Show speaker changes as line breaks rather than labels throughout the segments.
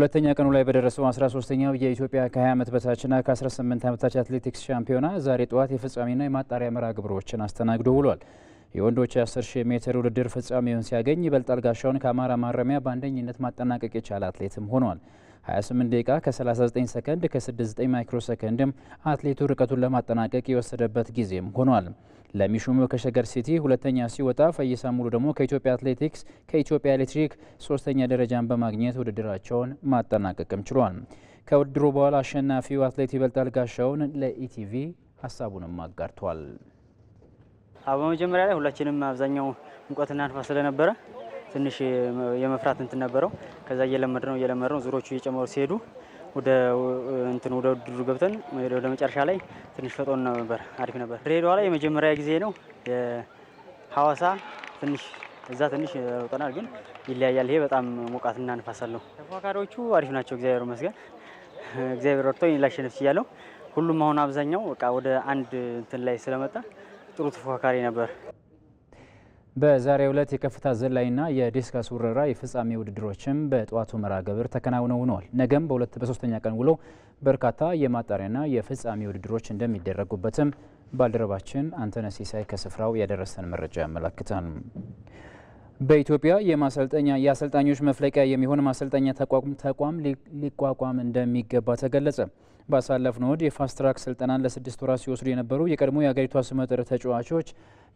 ሁለተኛ ቀኑ ላይ በደረሰው 13ኛው የኢትዮጵያ ከ20 ዓመት በታችና ከ18 ዓመት በታች አትሌቲክስ ሻምፒዮና ዛሬ ጠዋት የፍጻሜና የማጣሪያ መርሃ ግብሮችን አስተናግዶ ውሏል። የወንዶች 10000 ሜትር ውድድር ፍጻሜውን ሲያገኝ ይበልጣል ጋሻውን ከአማራ ማረሚያ በአንደኝነት ማጠናቀቅ የቻለ አትሌትም ሆኗል። 28 ደቂቃ ከ39 ሰከንድ ከ69 ማይክሮ ሰከንድም አትሌቱ ርቀቱን ለማጠናቀቅ የወሰደበት ጊዜም ሆኗል። ለሚሹሙ ከሸገር ሲቲ ሁለተኛ ሲወጣ ፈይሳ ሙሉ ደግሞ ከኢትዮጵያ አትሌቲክስ ከኢትዮጵያ ኤሌክትሪክ ሶስተኛ ደረጃን በማግኘት ውድድራቸውን ማጠናቀቅም ችሏል። ከውድድሩ በኋላ አሸናፊው አትሌት ይበልጣል ጋሻውን ለኢቲቪ ሀሳቡንም አጋርቷል።
በመጀመሪያ ላይ ሁላችንም አብዛኛው ሙቀትና ንፋስ ስለነበረ ትንሽ የመፍራት እንትን ነበረው። ከዛ እየለመድ ነው እየለመድ ነው ዙሮቹ እየጨመሩ ሲሄዱ ወደ እንትን ወደ ውድድሩ ገብተን ወደ መጨረሻ ላይ ትንሽ ፈጦን ነበር፣ አሪፍ ነበር። ድሬዳዋ ላይ የመጀመሪያ ጊዜ ነው። ሀዋሳ ትንሽ እዛ ትንሽ ሮጠናል፣ ግን ይለያያል። ይሄ በጣም ሞቃትና ንፋስ አለው። ተፎካካሪዎቹ አሪፍ ናቸው፣ እግዚአብሔር ይመስገን። እግዚአብሔር ረድቶኝ ላሸነፍ ችያለሁ። ሁሉም አሁን አብዛኛው በቃ ወደ አንድ እንትን ላይ ስለመጣ ጥሩ ተፎካካሪ ነበር።
በዛሬው ዕለት የከፍታ ዝላይና የዲስከስ ውርወራ የፍጻሜ ውድድሮችም በጠዋቱ መርሃ ግብር ተከናውነው ውለዋል። ነገም በሁለት በሶስተኛ ቀን ውሎ በርካታ የማጣሪያና የፍጻሜ ውድድሮች እንደሚደረጉበትም ባልደረባችን አንተነህ ሲሳይ ከስፍራው ያደረሰን መረጃ ያመለክታል። በኢትዮጵያ የማሰልጠኛ የአሰልጣኞች መፍለቂያ የሚሆን ማሰልጠኛ ተቋም ሊቋቋም እንደሚገባ ተገለጸ። ባሳለፍነው እሁድ የፋስትራክ ስልጠናን ለስድስት ወራት ሲወስዱ የነበሩ የቀድሞ የአገሪቱ አስመጥር ተጫዋቾች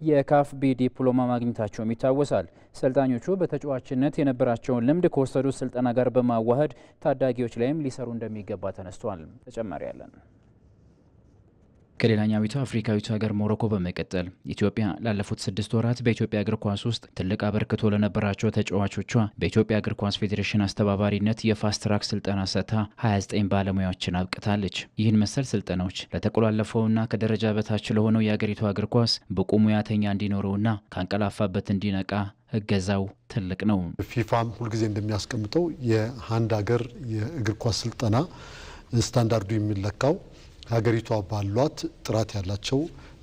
የካፍ ቢ ዲፕሎማ ማግኘታቸውም ይታወሳል። ሰልጣኞቹ በተጫዋችነት የነበራቸውን ልምድ ከወሰዱት ስልጠና ጋር በማዋሃድ ታዳጊዎች ላይም ሊሰሩ እንደሚገባ ተነስቷል። ተጨማሪ ያለን
ከሌላኛዊቷ አፍሪካዊቱ ሀገር ሞሮኮ በመቀጠል ኢትዮጵያ ላለፉት ስድስት ወራት በኢትዮጵያ እግር ኳስ ውስጥ ትልቅ አበርክቶ ለነበራቸው ተጫዋቾቿ በኢትዮጵያ እግር ኳስ ፌዴሬሽን አስተባባሪነት የፋስትራክ ስልጠና ሰታ 29 ባለሙያዎችን አብቅታለች። ይህን መሰል ስልጠናዎች ለተቆላለፈውና ከደረጃ በታች ለሆነው የአገሪቱ እግር ኳስ ብቁ ሙያተኛ እንዲኖረውና ካንቀላፋበት እንዲነቃ እገዛው ትልቅ ነው።
ፊፋም ሁልጊዜ እንደሚያስቀምጠው የአንድ ሀገር የእግር ኳስ ስልጠና ስታንዳርዱ የሚለካው ሀገሪቷ ባሏት ጥራት ያላቸው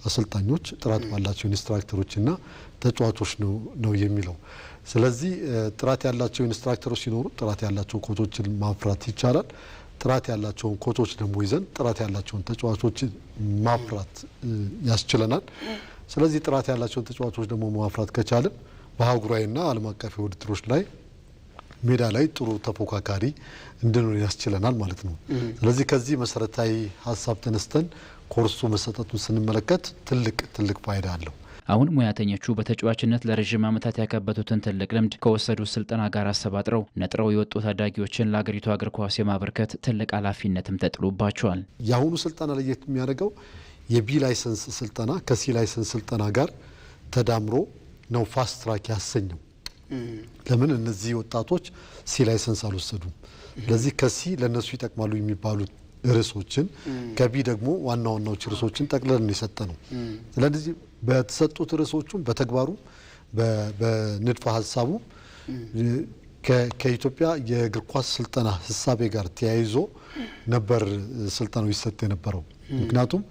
አሰልጣኞች፣ ጥራት ባላቸው ኢንስትራክተሮችና ተጫዋቾች ነው የሚለው። ስለዚህ ጥራት ያላቸው ኢንስትራክተሮች ሲኖሩ ጥራት ያላቸው ኮቾችን ማፍራት ይቻላል። ጥራት ያላቸውን ኮቾች ደግሞ ይዘን ጥራት ያላቸውን ተጫዋቾች ማፍራት ያስችለናል። ስለዚህ ጥራት ያላቸውን ተጫዋቾች ደግሞ ማፍራት ከቻልን በአህጉራዊና ዓለም አቀፍ ውድድሮች ላይ ሜዳ ላይ ጥሩ ተፎካካሪ እንድኖር ያስችለናል ማለት ነው። ስለዚህ ከዚህ መሰረታዊ ሀሳብ ተነስተን ኮርሱ መሰጠቱን ስንመለከት ትልቅ ትልቅ ፋይዳ አለው።
አሁን ሙያተኞቹ በተጫዋችነት ለረዥም ዓመታት ያካበቱትን ትልቅ ልምድ ከወሰዱ ስልጠና ጋር አሰባጥረው ነጥረው የወጡ ታዳጊዎችን ለአገሪቱ እግር ኳስ የማበርከት ትልቅ ኃላፊነትም ተጥሎባቸዋል።
የአሁኑ ስልጠና ለየት የሚያደርገው የቢ ላይሰንስ ስልጠና ከሲ ላይሰንስ ስልጠና ጋር ተዳምሮ ነው ፋስት ትራክ ያሰኘው። ለምን እነዚህ ወጣቶች ሲ ላይሰንስ አልወሰዱም? ስለዚህ ከሲ ለእነሱ ይጠቅማሉ የሚባሉት ርዕሶችን ከቢ ደግሞ ዋና ዋናዎች ርዕሶችን ጠቅለን የሰጠ ነው። ስለዚህ በተሰጡት ርዕሶቹም በተግባሩ በንድፈ ሀሳቡ ከኢትዮጵያ የእግር ኳስ ስልጠና ህሳቤ ጋር ተያይዞ ነበር ስልጠናው ይሰጥ የነበረው። ምክንያቱም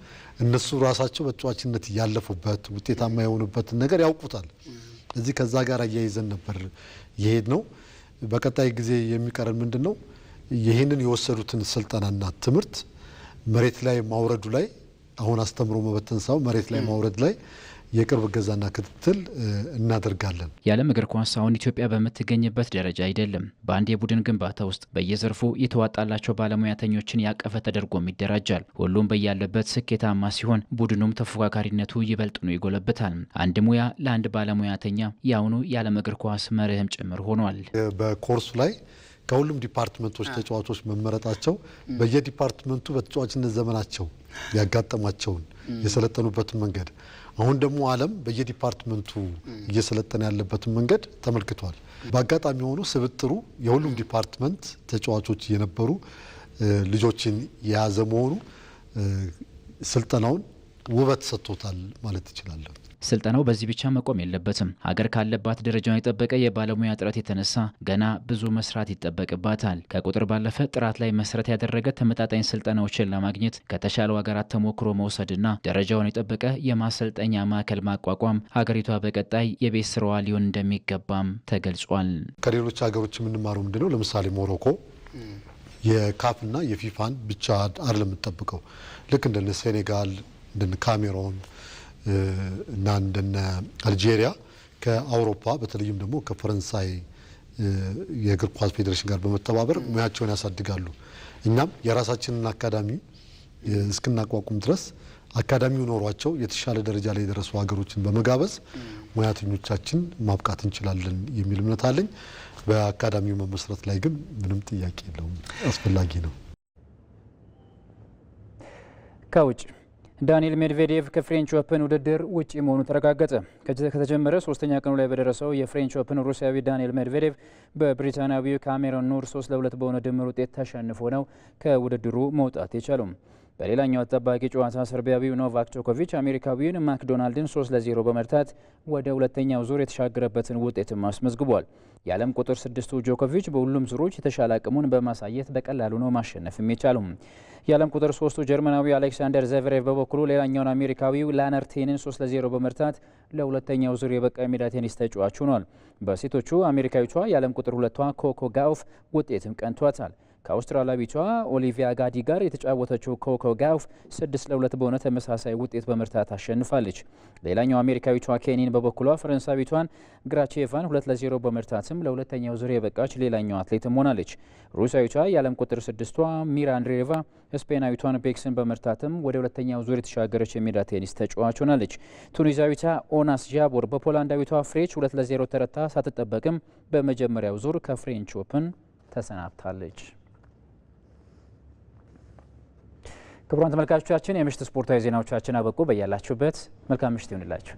እነሱ ራሳቸው በተጫዋችነት ያለፉበት ውጤታማ የሆኑበትን ነገር ያውቁታል። እዚህ ከዛ ጋር አያይዘን ነበር የሄድ ነው። በቀጣይ ጊዜ የሚቀረን ምንድን ነው? ይህንን የወሰዱትን ስልጠናና ትምህርት መሬት ላይ ማውረዱ ላይ አሁን አስተምሮ መበተን ሳይሆን መሬት ላይ ማውረድ ላይ የቅርብ እገዛና ክትትል እናደርጋለን።
የዓለም እግር ኳስ አሁን ኢትዮጵያ በምትገኝበት ደረጃ አይደለም። በአንድ የቡድን ግንባታ ውስጥ በየዘርፉ የተዋጣላቸው ባለሙያተኞችን ያቀፈ ተደርጎም ይደራጃል። ሁሉም በያለበት ስኬታማ ሲሆን፣ ቡድኑም ተፎካካሪነቱ ይበልጥኑ ይጎለብታል። አንድ ሙያ ለአንድ ባለሙያተኛ የአሁኑ የዓለም እግር ኳስ መርህም ጭምር ሆኗል።
በኮርሱ ላይ ከሁሉም ዲፓርትመንቶች ተጫዋቾች መመረጣቸው በየዲፓርትመንቱ በተጫዋችነት ዘመናቸው ያጋጠማቸውን የሰለጠኑበትን መንገድ አሁን ደግሞ ዓለም በየዲፓርትመንቱ እየሰለጠነ ያለበትን መንገድ ተመልክቷል። በአጋጣሚ የሆኑ ስብጥሩ የሁሉም ዲፓርትመንት ተጫዋቾች የነበሩ ልጆችን የያዘ መሆኑ ስልጠናውን ውበት ሰጥቶታል ማለት ይችላለሁ።
ስልጠናው በዚህ ብቻ መቆም የለበትም። ሀገር ካለባት ደረጃውን የጠበቀ የባለሙያ ጥረት የተነሳ ገና ብዙ መስራት ይጠበቅባታል። ከቁጥር ባለፈ ጥራት ላይ መሰረት ያደረገ ተመጣጣኝ ስልጠናዎችን ለማግኘት ከተሻለው ሀገራት ተሞክሮ መውሰድና ደረጃውን የጠበቀ የማሰልጠኛ ማዕከል ማቋቋም ሀገሪቷ በቀጣይ የቤት ስራዋ ሊሆን እንደሚገባም ተገልጿል።
ከሌሎች ሀገሮች የምንማረው ምንድነው? ለምሳሌ ሞሮኮ የካፍና የፊፋን ብቻ አይደለም የምንጠብቀው ልክ እንደነ ሴኔጋል እንደነ ካሜሮን እና እንደነ አልጄሪያ ከአውሮፓ በተለይም ደግሞ ከፈረንሳይ የእግር ኳስ ፌዴሬሽን ጋር በመተባበር ሙያቸውን ያሳድጋሉ። እኛም የራሳችንን አካዳሚ እስክናቋቁም ድረስ አካዳሚው ኖሯቸው የተሻለ ደረጃ ላይ የደረሱ ሀገሮችን በመጋበዝ ሙያተኞቻችን ማብቃት እንችላለን የሚል እምነት አለኝ። በአካዳሚው መመስረት ላይ ግን ምንም ጥያቄ የለውም፣ አስፈላጊ ነው።
ከውጭ ዳንኤል ሜድቬዴቭ ከፍሬንች ኦፕን ውድድር ውጪ መሆኑ ተረጋገጠ። ከተጀመረ ሶስተኛ ቀኑ ላይ በደረሰው የፍሬንች ኦፕን ሩሲያዊ ዳንኤል ሜድቬዴቭ በብሪታንያዊው ካሜሮን ኑር ሶስት ለሁለት በሆነ ድምር ውጤት ተሸንፎ ነው ከውድድሩ መውጣት የቻሉም። በሌላኛው አጠባቂ ጨዋታ ሰርቢያዊው ኖቫክ ጆኮቪች አሜሪካዊውን ማክዶናልድን ሶስት ለዜሮ በመርታት ወደ ሁለተኛው ዙር የተሻገረበትን ውጤትም አስመዝግቧል። የዓለም ቁጥር ስድስቱ ጆኮቪች በሁሉም ዙሮች የተሻለ አቅሙን በማሳየት በቀላሉ ነው ማሸነፍም የቻሉም። የዓለም ቁጥር ሶስቱ ጀርመናዊ አሌክሳንደር ዘቨሬቭ በበኩሉ ሌላኛውን አሜሪካዊው ላነር ቴንን 3 ለ0 በመርታት ለሁለተኛው ዙር የበቃ ሜዳ ቴኒስ ተጫዋች ሆኗል። በሴቶቹ አሜሪካዊቷ የዓለም ቁጥር ሁለቷ ኮኮ ጋውፍ ውጤትም ቀንቷታል። ከአውስትራሊያዊቷ ኦሊቪያ ጋዲ ጋር የተጫወተችው ኮኮ ጋውፍ ስድስት ለሁለት በሆነ ተመሳሳይ ውጤት በመርታት አሸንፋለች። ሌላኛው አሜሪካዊቷ ኬኒን በበኩሏ ፈረንሳዊቷን ግራቼቫን ሁለት ለዜሮ በመርታትም ለሁለተኛው ዙር የበቃች ሌላኛው አትሌትም ሆናለች። ሩሲያዊቷ የዓለም ቁጥር ስድስቷ ሚራ አንድሬቫ ስፔናዊቷን ቤክስን በመርታትም ወደ ሁለተኛው ዙር የተሻገረች የሜዳ ቴኒስ ተጫዋች ሆናለች። ቱኒዚያዊቷ ኦናስ ጃቦር በፖላንዳዊቷ ፍሬች ሁለት ለዜሮ ተረታ ሳትጠበቅም በመጀመሪያው ዙር ከፍሬንች ኦፕን ተሰናብታለች። ክቡራን ተመልካቾቻችን የምሽት ስፖርታዊ ዜናዎቻችን አበቁ። በያላችሁበት መልካም ምሽት ይሁንላችሁ።